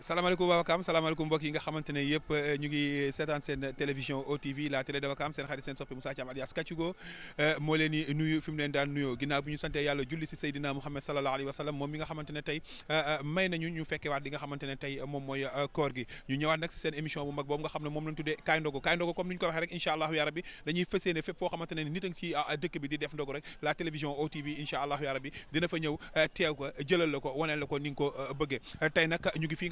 salaamaaleykum waa Wakaam salaamaaleykum mbokk yi nga xamante ne euh, ñu ngi seetaan seen télévision OTV la télé de seen xarit seen soppi Moussa Thiam alias Kachugo euh, moo leen nuyu fi leen daan nuyoo ginnaaw bi ñu santee yàlla julli si Seydina Mouhamed sallallahu alayhi wa moom mi nga xamante tey euh, may nañu ñu fekkee waat li nga xamante tey moom mooy koor gi ñu ñëwaat nag si seen émission bu mag boobu nga xam ne moom lañ tuddee kaay ndogu kaay ndogu comme ni ñu ko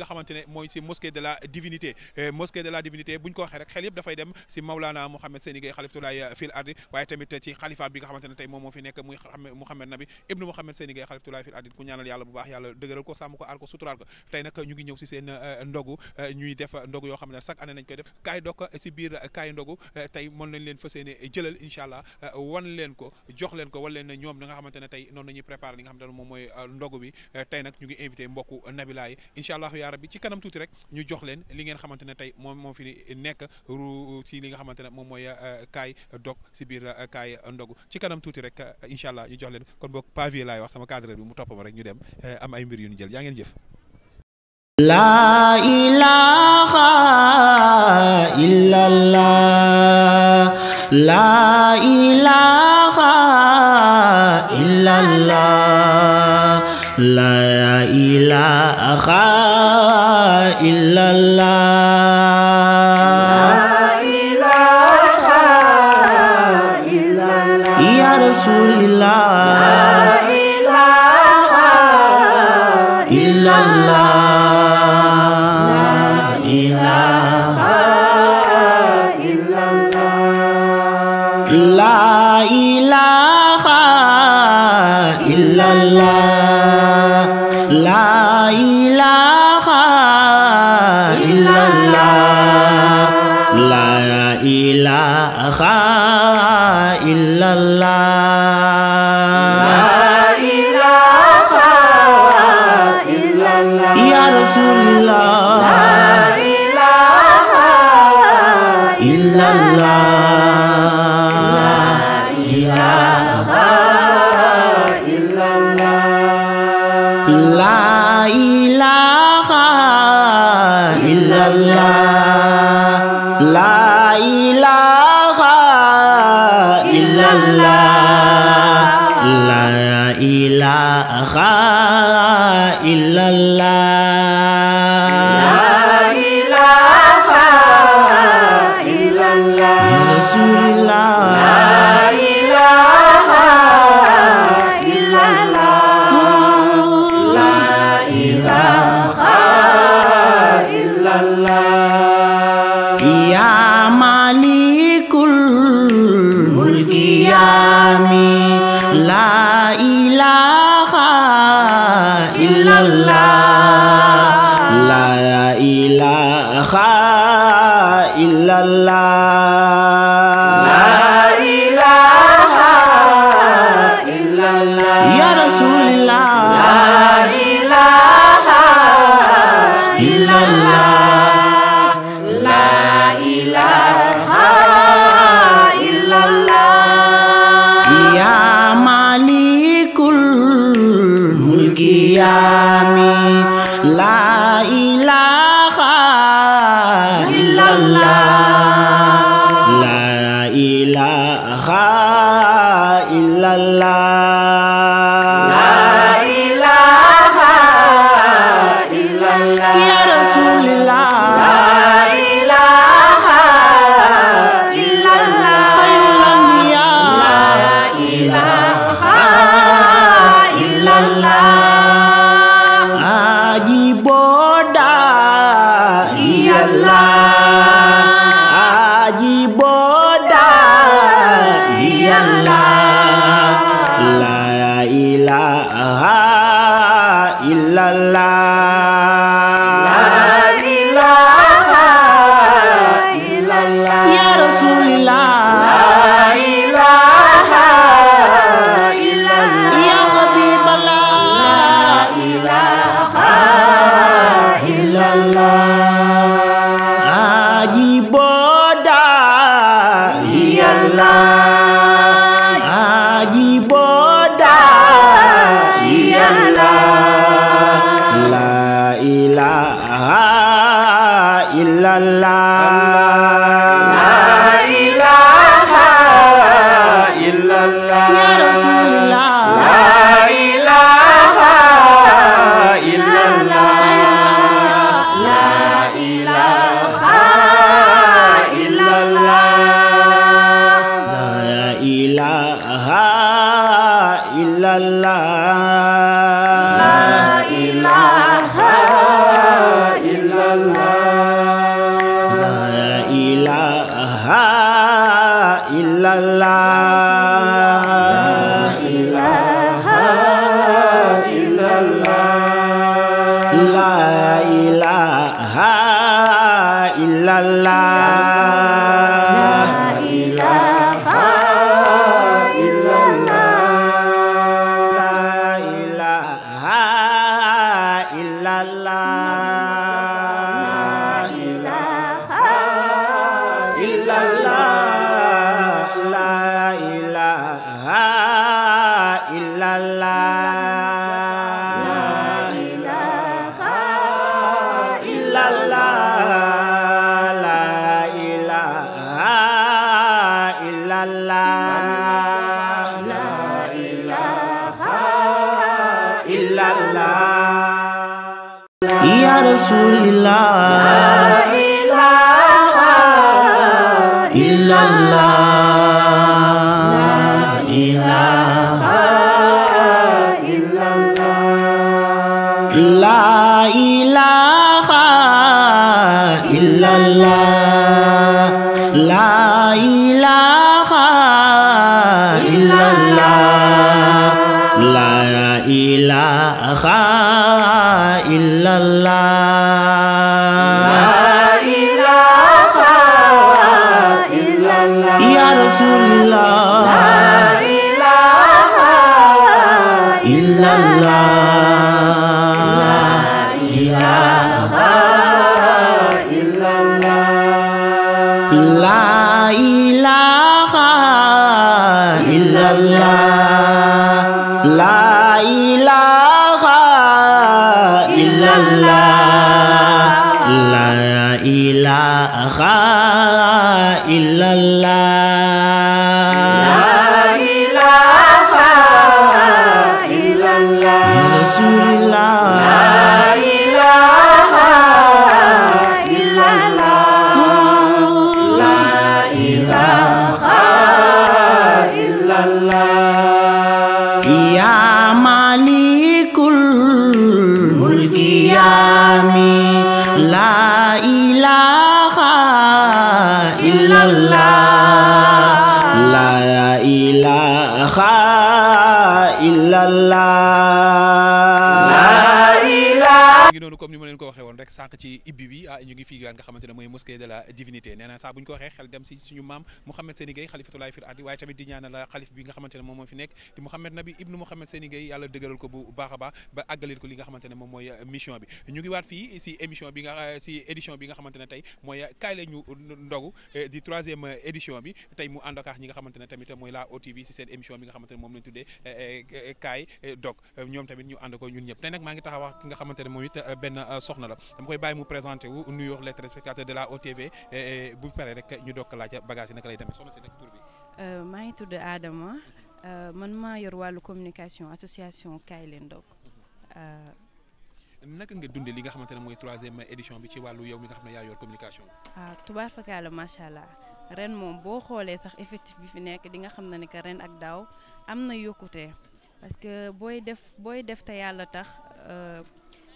waxee xamante ne mooy si mosquée de la divinité euh, mosquée de la divinité buñ ko waxee rek xel yëpp dafay dem si Maulana Mouhamed Seyni Gueye xalifa bi nga xamante ne tey moom moo fi nekk muy Mouhamed Nabi ibnu Mouhamed Seyni Gueye xalifatulaay fil ardi ku ñaanal yàlla bu baax ko sàmm ko aar ko suturaal ko tey nag ñu ngi ñëw si seen euh, ndogu euh, ñuy def ndogu mooy ndogu bi tey nag ñu ngi invité mbokku Nabila yi allah yaa rabbi ci kanam tuuti rek ñu jox leen li ngeen xamante ne tey moom moo fi nekk ru si li nga xamante ne moom mooy euh, kaay dog si biir euh, kaay ndogu ci kanam tuuti rek euh, incha allah ñu jox leen kon boog pavier laay wax sama cadre bi mu topp ma rek ñu dem am ay mbir yu ñu jël yaa ngeen jëf. laa ilaaha illallah laa ilaaha إله إلا الله يا رسول الله لا إله إلا الله لا إله إلا الله لا إله إلا الله xaa la illallah يا رسول الله لا إله إلا الله xaa comme ni ma leen ko waxee woon rek sànq ci ibbi bi ah, ñu ngi fii nga xamante mooy mosquée de la divinité nee na saa ko waxee xel dem si suñu maam Mouhamed Seyni Gueye xalifatulaay fir ardi waaye tamit di ñaanal la xalif bi nga xamante moom a moom mooy tuddee eh, eh, kaay dog ñoom tamit ñu ànd ko ñun ñëpp tey nag maa ngi taxaw wax ki nga xamante moom it eh, benn euh, soxna la dama koy bàyyi mu présenté wu nuyoo les téléspectateurs de la OTV bu paree rek ñu dokk laaj bagage yi naka lay demee soxna si rek tur bi. Euh, maa ngi tudd Adama euh, man maa yor wàllu communication association Kaay Leen Doog. naka nga dundee li nga xamante ne mooy troisième édition bi ci wàllu yow mi nga xam ne yaa yor communication. ah tubaar fakaala macha allah ren moom boo xoolee sax effectif bi fi nekk di nga xam ne que ren ak daaw am na yokkute parce que booy booy def te yàlla tax.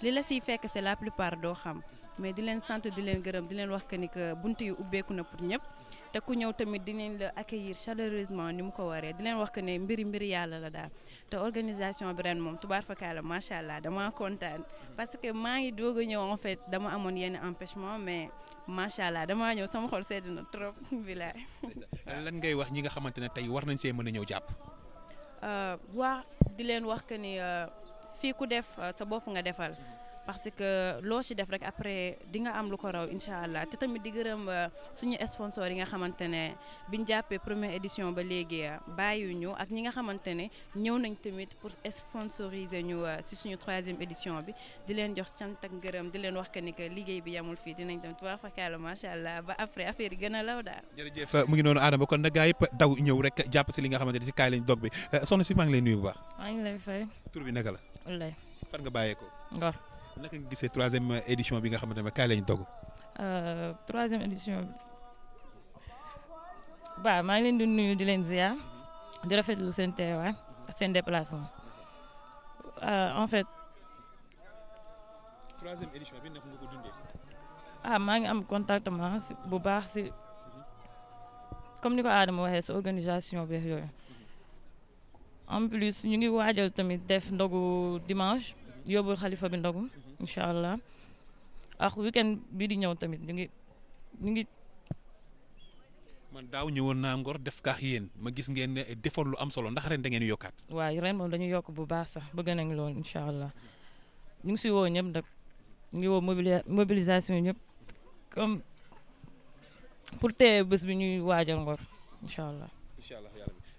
li la siy fekk c'est la plupart doo xam mais di leen sant di leen gërëm di leen wax que ni que bunt yu ubbeeku na pour ñëpp te ku ñëw tamit dinañ la accueillir chaleureusement ni mu ko waree di leen wax que ne mbiri mbiri yàlla la daal te organisation bi ren moom tubaar fakkaala macha allah dama kontaan parce que maa ngi doog a ñëw en fait dama amoon yenn empêchement mais macha allah damaa ñëw sama xol sedd na trop bilaay. lan ngay wax ñi nga xamante ne tey war nañ see mën a ñëw jàpp. Euh, waa di leen wax que ni. Euh, fii ku def euh, sa bopp nga defal parce que loo ci def rek après di nga am lu ko raw incha allah te tamit di gërëm euh, suñu sponsor yi nga xamante ne biñ jàppee première édition ba léegi euh, bàyyiwuñu ak ñi nga xamante ne ñëw nañ tamit pour sponsoriser ñu si suñu troisième édition bi di leen jox cant ak gërëm di leen wax que ni liggéey bi yamul fii dinañ dem tubaab fakkaala macha allah ba après affaire gën a law daal. mu ngi noonu Adama kon nag gars yëpp daw ñëw rek jàpp si li nga xamante si kaay lañ dog si maa ngi lay nuyu bu bi naka la. wallay fan nga bàyyeekoo. Ngor. naka nga gisee troisième édition bi nga xamante ne kaay lañ togg. Euh, troisième édition bi ba maa ngi leen di nuyu di leen ziar mhm. di rafetlu seen teewaay seen déplacement euh, en fait. troisième édition bi naka nga ko dundee. ah maa ngi am contactement bu baax si mhm. comme ni ko Adama waxee si organisation bi yooyu. en plus ñu ngi waajal tamit def ndogu dimanche yóbbul xalifa bi ndogu incha allah ak weekend bii di ñëw tamit ñu ngi ñu ngi. man daaw ñëwoon naa Ngor def kaax yéen ma gis ngeen ne defoon lu am solo ndax ren da ngeen yokkaat. waaw ren moom dañu yokk bu baax sax a ngi lool incha allah ñu ngi si woo ñëpp nag ñu ngi woo mobilisation ñëpp comme pour téye bés bi ñuy waajal Ngor incha allah. incha allah.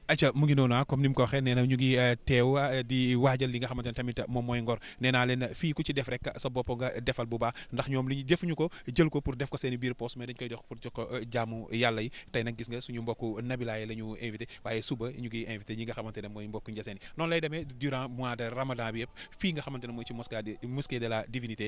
aca mu ngi noonu ah comme ni mu ko waxee nee ñu ngi euh, teew euh, di waajal li nga xamante tamit moom mooy ngor nee leen fii ku ci def rek sa bopp nga defal bu baax ndax ñoom li ñu jëfuñu ko jël ko pour def ko seen biir poos mais dañ koy jox pour jox ko euh, jaamu yàlla yi tey nag gis nga suñu mbokk nabilaay la invité waaye suba ñu ngi invité ñi nga xamante ne mooy mbokk njaseen yi noonu lay demee durant mois de ramadan bi yëpp fii nga xamante ne mooy ci mosquée de la divinité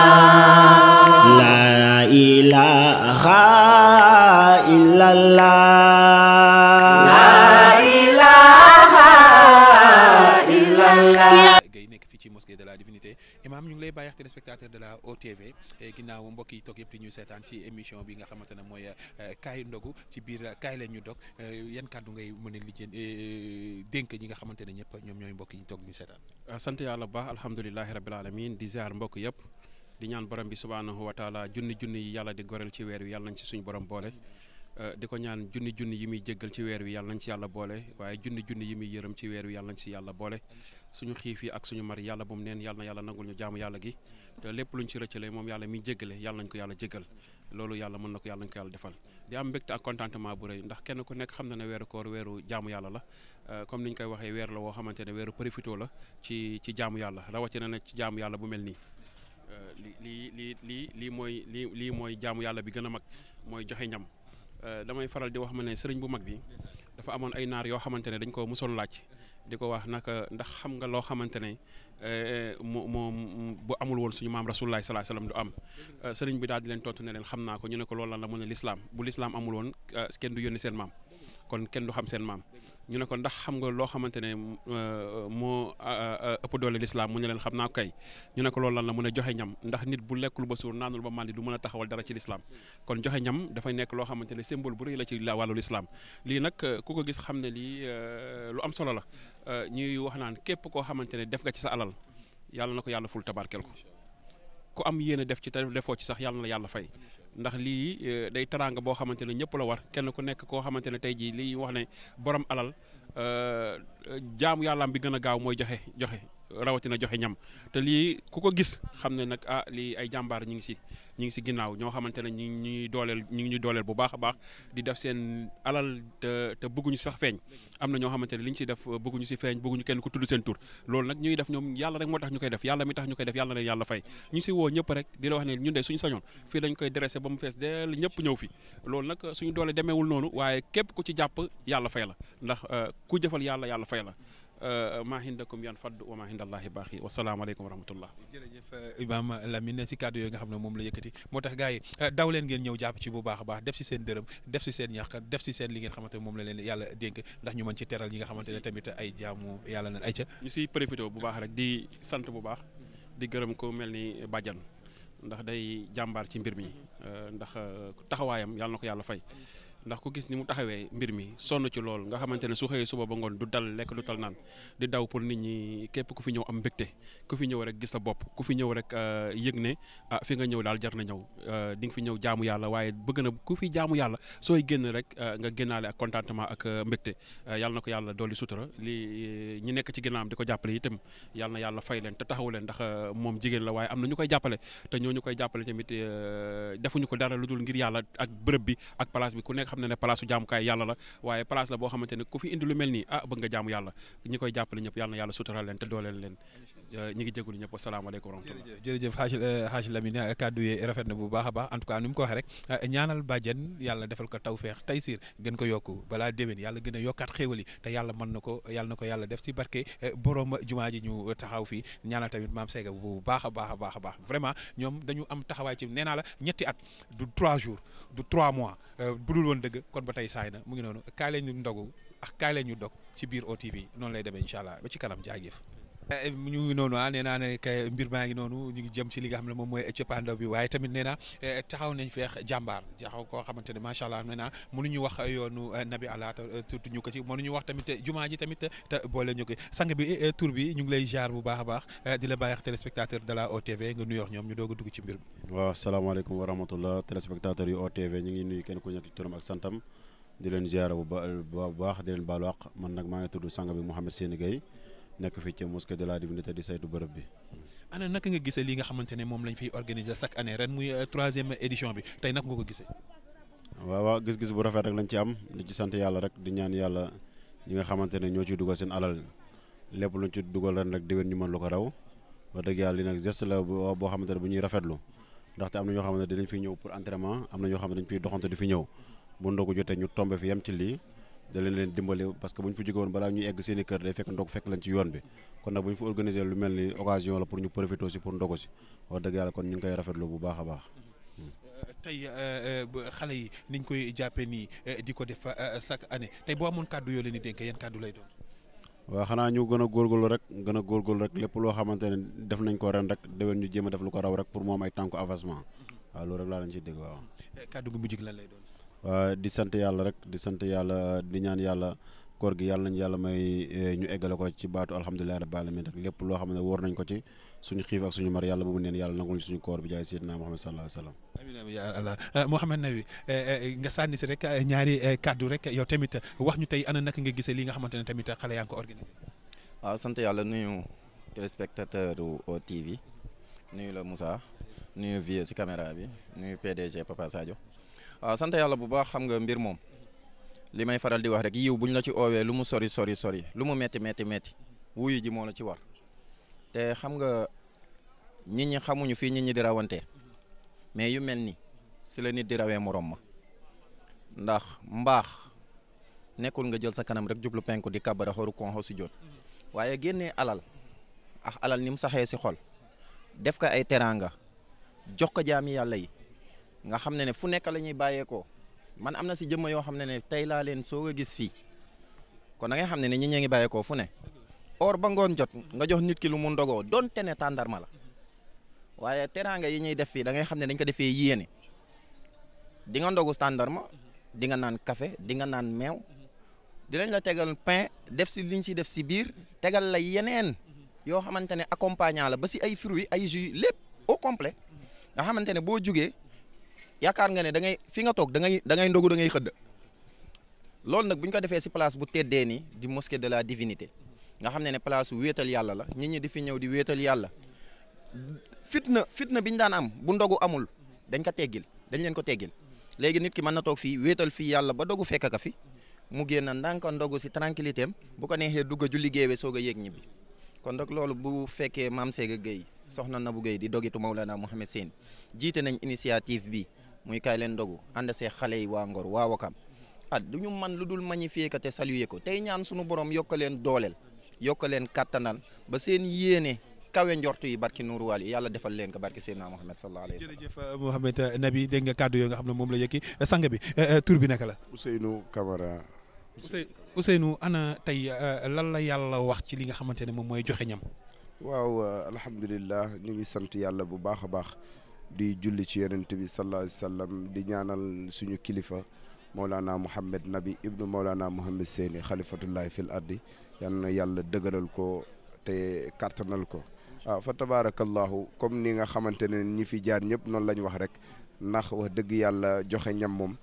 ilaha illallah la ilaha illallah gay nekk fii ci mosquée de la divinité imam ñu ngi lay bàyyi téléspectateur de la OTV eh, ginnaaw mbokk yi toog yëpp di ñuy seetaan ci émission bi nga xamante ne mooy eh, kaay ndogu ci biir eh, kaay leen ñu dog yan kàddu ngay mën a lijjeen dénk ñi nga xamante ne ñëpp ñoom ñooy mbokki yi toog ñu seetaan ah, sant yàlla baax alhamdulilahi rabil alamin di ziar mbokk yëpp di ñaan borom bi subhaanahu wa taala junni junni yi yàlla di goreel ci weer wi yàlla nañ ci suñu borom boole euh, di ko ñaan junni junni yi muy jéggal ci weer wi yàlla nañ ci yàlla boole waaye junni junni yi muy yërëm ci weer wi ci yàlla boole suñu xiif yi ak suñu mar yàlla bu mu neen yàlla na yàlla nangul ñu jaamu yàlla gi te lépp luñ ci rëccale moom yàlla miy jéggale yàlla nañ ko yàlla jéggal loolu yàlla mën na ko yàlla yàlla defal di am mbégte ak contentement bu rëy ndax kenn ku nekk xam na ne weeru koor weeru jaamu yàlla euh, comme ni koy waxee weer la woo xamante ne weeru profito la ci ci jaamu yàlla rawatina na ci jaamu yàlla bu mel nii li lii lii lii lii mooy lii lii mooy jaamu yàlla bi gën a mag mooy joxe ñam euh, damay faral di wax ma ne sëriñ bu mag bi dafa amoon ay naar yoo xamante ne dañ ko mësoon laaj di ko wax naka ndax xam nga loo xamante ne mu euh, moom bu amul woon suñu maam rasulullahi salaa salaam du am euh, sëriñ bi daal di leen tontu ne leen xam naa ko ñu ne ko loolu lan la mën a lislaam bu lislaam amul woon kenn du yónni seen maam kon kenn du xam seen maam ñu ne ko ndax xam nga loo xamante ne euh, moo euh, euh, ëpp doole lislaam mu ne leen xam naa kay ñu ne ko loolu lan la mu ne joxe ñam ndax nit bu lekkul ba suur naanul ba màndi du mën a taxawal dara ci lislaam kon joxe ñam dafay nekk loo xamante ne symbole bu rëy la ci wàllu lislaam lii nag ku ko gis xam ne lii lu am solo la ñuy wax naan képp koo xamante ne def nga ci sa alal yàlla na ko yàlla ful tabarkel ko ku am yéen a def ci te defoo ci sax yàlla na la yàlla fay ndax lii eh, day teraanga boo xamante ne ñëpp la war kenn ku nekk koo xamante ne tey jii lii wax ne borom alal eh, jaamu yàllaam bi gën a gaaw mooy joxe joxe rawatina joxe ñam te lii ku ko gis xam ne nag ah lii ay jàmbaar ñu ngi si ñu ngi si ginnaaw ñoo xamante ne ñu ñuy dooleel ñu ngi ñuy dooleel bu baax a baax di def seen alal te te bëgguñu sax feeñ am na ñoo xamante ne li ñu si def euh, bëgguñu si feeñ bëgguñu kenn ku tudd seen tur loolu nag ñuy def ñoom yàlla rek moo tax ñu koy def yàlla mi tax ñu koy def yàlla leen fay ñu si woo ñëpp rek di wax ne ñu de suñu sañoon fii lañ koy dressé ba mu fees dell ñëpp ñëw fi loolu nag suñu doole demeewul noonu waaye képp ku ci jàpp yàlla fay la ndax euh, ku jëfal yàlla yàlla fay la maa hindakum yan fadd wa maa hindallahi baaxi wasalaamaaleykum wa rahmatullah jërëjëf Imaam Lamine si kàddu yooyu nga xam ne moom la yëkkati moo tax gars yi daw leen ngeen ñëw jàpp ci bu baax a baax def si seen dërëm def si seen ñàq def si seen li ngeen xamante moom la leen yàlla dénk ndax ñu mën ci teral yi nga xamante ne tamit ay jaamu yàlla na ay ca ñu si profité bu baax rek di sant bu baax di gërëm ko mel ni bàjjan ndax day jàmbaar ci mbir mi mm-hmm. euh, ndax euh, taxawaayam yàlla na ko yàlla fay ndax ku gis ni mu taxawee mbir mi sonn ci lool nga xamante ne su xëyee suba ba ngoon du dal lekk du tal naan di daw pour nit ñi képp ku fi ñëw am mbégte ku fi ñëw rek gis sa bopp ku fi ñëw rek euh, yëg ne ah fi nga ñëw daal jar na ñëw euh, di nga fi ñëw jaamu yàlla waaye bëgg na ku fi jaamu yàlla sooy génn rek euh, nga génnaale ak contentement ak mbégte yàlla na ko yàlla dolli sutura li ñi nekk ci ginnaawam di ko jàppale itam yàlla na yàlla fay leen te taxawu leen ndax moom jigéen la waaye am na ñu koy jàppale te ñoo ñu koy jàppale tamit defuñu ko dara lu dul ngir yàlla ak bërëb bi xam ne ne place u jaamukaay yàlla la waaye place la boo xamante ne ku fi indi lu mel nii ah bëgg nga jaamu yàlla ñi koy jàppale ñëpp yàlla na yàlla leen te dooleel leen Euh, ñu ngi jégalu ñëpp asalaamaaleykum wa rahmatulah. jërëjëf Hadj euh, Lamine euh, kàddu yi rafet na bu baax a baax en tout cas ni mu ko waxee rek ñaanal bàjjen yàlla defal ko taw tawféex taysiir gën ko yokk balaa déwén yàlla gën a yokkaat xéewal yi te yàlla mën na ko yàlla na ko yàlla def si barke borom jumaa ji ñu taxaw fii ñaanal tamit maam Sega bu baax a baax a baax a baax vraiment ñoom dañu am taxawaay ci nee naa la ñetti at du trois jours du trois mois bu dul woon dëgg kon ba tey saay na mu ngi noonu kaay leen ñu ndogu ak kaay leen ñu dog ci biir OTV noonu lay demee incha allah ci kanam jaajëf Eh, eh, ñu ngi noonu ah nee ne kay mbir maa ngi noonu ñu ngi jëm ci li nga xam ne moom mooy cëppaandaw bi waaye tamit nee naa eh, taxaw nañ feex jàmbaar jaxaw koo xamante ne macha allah nee naa ñu wax yoonu nabi allah te ñu ko ci mënuñu wax tamit jumaa ji tamit boole ñu ko bi tur bi ñu ngi lay jaar bu baax a baax di la bàyyi téléspectateur de la OTV nga nuyoo ñoom ñu doog dugg ci mbir mi. waaw salaamaaleykum wa rahmatullah téléspectateur yu OTV ñu ngi nuyu kenn ku nekk ci turam ak santam di leen ziar bu baax di leen baalu man nag maa ngi tudd sang bi Mouhamed Seyni Gueye nekk fii ci mosquée de la divinité di saytu bërëb bi. ana naka nga gisee li nga xamante ne moom lañ fiy organiser chaque année ren muy euh, troisième édition bi tey naka nga ko gisee. waaw waaw gis-gis bu rafet rek lañ ci am di ci sant yàlla rek di ñaan yàlla ñi nga xamante ne ñoo ciy dugal seen alal lépp luñ ci dugal ren rek déwén ñu mën lu ko raw wax dëgg yàlla li nag geste la boo xamante ne bu ñuy rafetlu ndaxte am na ñoo xamante ne dinañ fi ñëw pour entraînement am na ñoo xam ne dañ fiy doxante di fi ñëw bu jotee ñu tombé fi yem ci lii da leen leen dimbali parce que bu ñu fa jóge woon balaa ñuy egg seen i kër day fekk ndog fekk lañ ci yoon bi kon nag bu ñu fa organiser lu mel ni occasion la pour ñu profiter aussi pour ndogo si wax dëgg ñu ngi koy rafetlu bu baax a baax tey euh, euh, xale yi niñ koy jàppee nii euh, di ko def chaque année boo amoon kàddu yoo leen di dénk yan kàddu lay doon waaw xanaa ñu gën a rek gën a góorgóorlu rek lépp loo xamante ne def nañ ko ren rek déwén ñu jéem a def lu ko raw rek pour moom ay tànku avancement mm-hmm. waaw loolu rek laa lañ ci dégg waaw lan lay doon Euh, di sant yàlla rek di sant yàlla di ñaan yàlla koor gi yàlla nañu yàlla may eh, ñu eggale ko ci baatu alhamdulilah rabbil alamin rek lépp loo xam ne wóor nañ ko ci suñu xiif ak suñu mar yàlla bu neen yàlla nangul suñu koor bi jaay seydina Muhammad sallallahu alayhi wasallam amiin amiin yaa allah euh, Mouhamed Nabi euh, nga sànni si rek ñaari kàddu rek yow tamit wax ñu tey ana naka nga gisee li nga xamante ne tamit xale yaa ngi ko organisé waaw sant yàlla nuyu téléspectateur OTV nuyu la Moussa nuyu vieux si caméra bi nuyu PDG waaw sant yàlla bu baax xam nga mbir moom li may faral di wax rek yiw buñ la ci oowee lu mu sori sori sori lu mu metti metti metti wuyu ji moo la ci war te xam nga nit ñi xamuñu fii nit ñi di rawante mais yu mel ni si la nit di rawee morom ma ndax mbaax nekkul nga jël sa kanam rek jublu penku di kabara xoru konxo si jot waaye génne alal ak alal ni mu saxee si xol def ko ay teraanga jox ko jaami yàlla yi nga xam ne ne fu nekk la ñuy bàyyeekoo man am na si jëmma yoo xam ne ne tey laa leen soo a gis fii kon da ngay xam ne ne ñi ñee ngi bàyyeekoo fu ne or ba ngoon jot nga jox nit ki lu mu ndogoo donte ne tàndarma la waaye teraanga yi ñuy def fii da ngay xam ne dañ ko defee yéene di nga ndogu tàndarma di nga naan kafe di nga naan meew dinañ la tegal pain def si liñ si def si biir tegal la yeneen yoo xamante ne accompagnant la ba si ay fruits ay jus lépp au complet nga xamante ne boo jugee yaakaar nga ne da ngay fi nga toog dangay dangay da ndogu da ngay xëdd loolu nag bu ñu ko defee si place bu teddee ni di mosquée de la divinité nga xam ne ne place wéetal yàlla la nit ñi di fi ñëw di wéetal yàlla fitna fitna bi ñu daan am bu ndogu amul dañ ko teggil dañ leen ko teggil léegi nit ki mën na toog fii wéetal fii yàlla ba dogu fekk ka fi mu génn ndànk ndogu si tranquillité am bu ko neexee dugg ju liggéeyee soog a yéeg ñibbi kon nag loolu bu fekkee maam Séga Gueye soxna Nabou Gueye di dogitu Maulana Mouhamed Sène jiite nañ initiative bi muy kaay leen ndogu ànd see xale yi waa Ngor waa kam ah du ñu man lu dul magnifier ko te saluer ko tey ñaan suñu borom yokk leen dooleel yokk leen kattanal ba seen yéene. kawe njortu yi barki Nourou Waly yàlla defal leen ko barki Seydina Mohamed sallallahu alayhi wa sallam jërëjëf euh, Mohamed euh, Nabi dégg nga kàddu yoo nga xam ne moom la yëkki euh, sang bi tur bi naka la. Ousseynou Camara. Ousseynou ana tey lan la yàlla wax ci li nga xamante ne moom mooy joxe ñam. waaw alhamdulilah ñu ngi sant yàlla bu baax a baax. di julli ci yonent bi sallallahu alayhi di ñaanal suñu kilifa Mawlana Mouhamed Nabi ibnu Mawlana Mouhamed Seyni xalifatullahi fil ardi yal na yàlla dëgëral ko te kàttanal ko waaw ah, fa tabaarakallahu comme ni nga xamante ne ñi fi jaar ñëpp noonu lañu wax rek ndax wax dëgg yàlla joxe ñam moom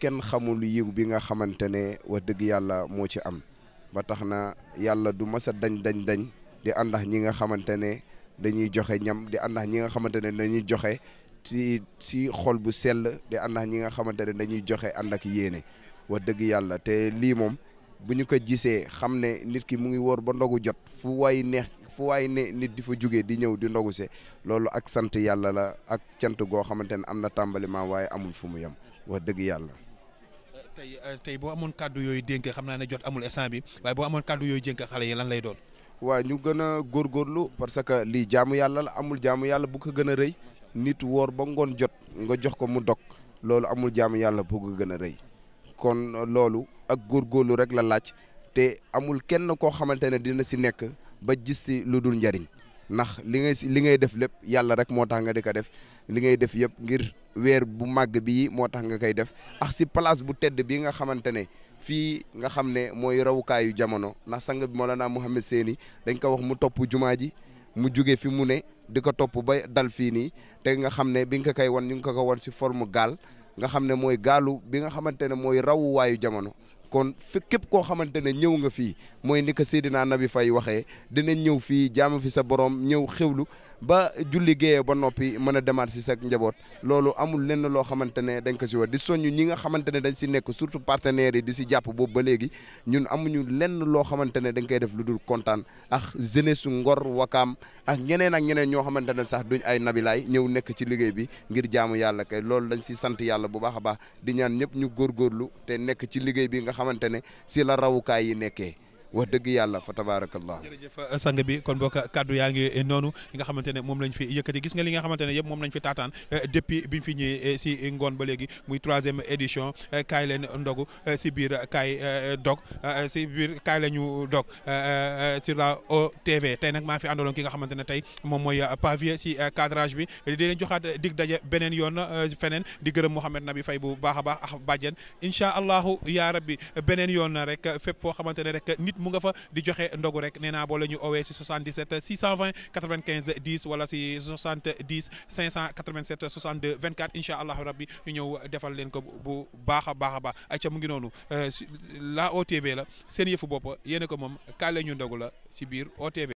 kenn xamul yiw bi nga xamante ne wax dëgg yàlla moo ci am ba tax na yàlla du mas dañ dañ dañ di àndax ñi nga xamante ne dañuy joxe ñam di ànd ak ñi nga xamante ne dañuy joxe ci ci xol bu sell di ànd ak ñi nga xamante ne dañuy joxe ànd ak yéene wax dëgg yàlla te lii moom bu ñu ko gisee xam ne nit ki mu ngi wóor ba ndogu jot fu waay neex fu waay ne nit di fa jógee di ñëw di ndogu se loolu ak sant yàlla la ak cant goo xamante ne am na tàmbaliment waaye amul fu mu yem wax dëgg yàlla. tey tey boo amoon kàddu yooyu dénk xam naa ne jot amul instant bi waaye boo amoon kàddu yooyu dénk xale yi lan lay doon. waa ñu gën a góorgóorlu parce que lii jaamu yàlla la amul jaamu yàlla bu ko gën a rëy nit woor ba ngoon jot nga jox ko mu dog loolu amul jaamu yàlla bu ko gën a rëy kon loolu ak góorgóorlu rek la laaj te amul kenn koo xamante ne dina si nekk ba gis si lu dul njariñ ndax li nga si li ngay def lépp yàlla rek moo tax nga di ko def li ngay def yëpp ngir weer bu màgg bi moo tax nga koy def ak si place bu tedd bi nga xamante ne fii nga xam ne mooy rawukaayu jamono ndax sang bi moo naa Mawlana Mouhamed Seyni dañ ko wax mu topp jumaa ji mu jóge fi mu ne di ko topp ba dal fii nii te nga xam ne bi nga ko koy wan ñu ngi ko ko wan si forme gaal nga xam ne mooy gaalu bi nga xamante ne mooy rawuwaayu jamono kon fi képp koo xamante ne ñëw nga fii mooy ni ko Seydina Nabi fay waxee dinañ ñëw fii jaamu fi sa borom ñëw xewlu ba julli géeyee ba noppi mën a demaat si sa njaboot loolu amul lenn loo xamante ne dañ ko si war di soññ ñi nga xamante ne dañ si nekk surtout partenaires yi di jàpp boobu ba léegi ñun amuñu lenn loo xamante ne dañ koy def lu dul kontaan ak jeunesse su ngor wakaam ak ñeneen ak ñeneen ñoo xamante ne sax duñ ay nabilaay ñëw nekk ci liggéey bi ngir jaamu yàlla kay loolu dañ si sant yàlla bu baax a baax di ñaan ñëpp ñu góor góorgóorlu te nekk ci liggéey bi nga xamante ne si la rawukaay yi nekkee wax dëgg yàlla fa tabaarakallah jërëjëf euh, sang bi kon bokk kaddu yaa ngi euh, noonu nga xamante ne moom lañ fi yëkkati gis nga li nga xamante ne yëpp moom lañ fi taataan euh, depuis biñ fi ñëwee si ngoon ba léegi muy troisième édition kaay leen ndogu si biir kaay dog si biir kaay la ñu dog sur la OTV tey nag maa fi àndaloon ki nga xamante ne tey moom mooy pavier si cadrage bi di leen joxaat dig daje beneen yoon feneen di gërëm Mouhamed Nabi Faye bu baax a baax ah bàjjen incha allahu yaa rabbi beneen yoon rek fépp foo mu nga fa di joxe ndogu rek nee naa boo la ñu owee si 77 620 95 10 wala si 70 587 62 24 incha allahu rabbi ñu ñëw defal leen ko bu baax a baax a baax ayca mu ngi noonu euh, la OTV la seen yëfu bopp yéen ko moom kaale ñu ndogu la si biir OTV.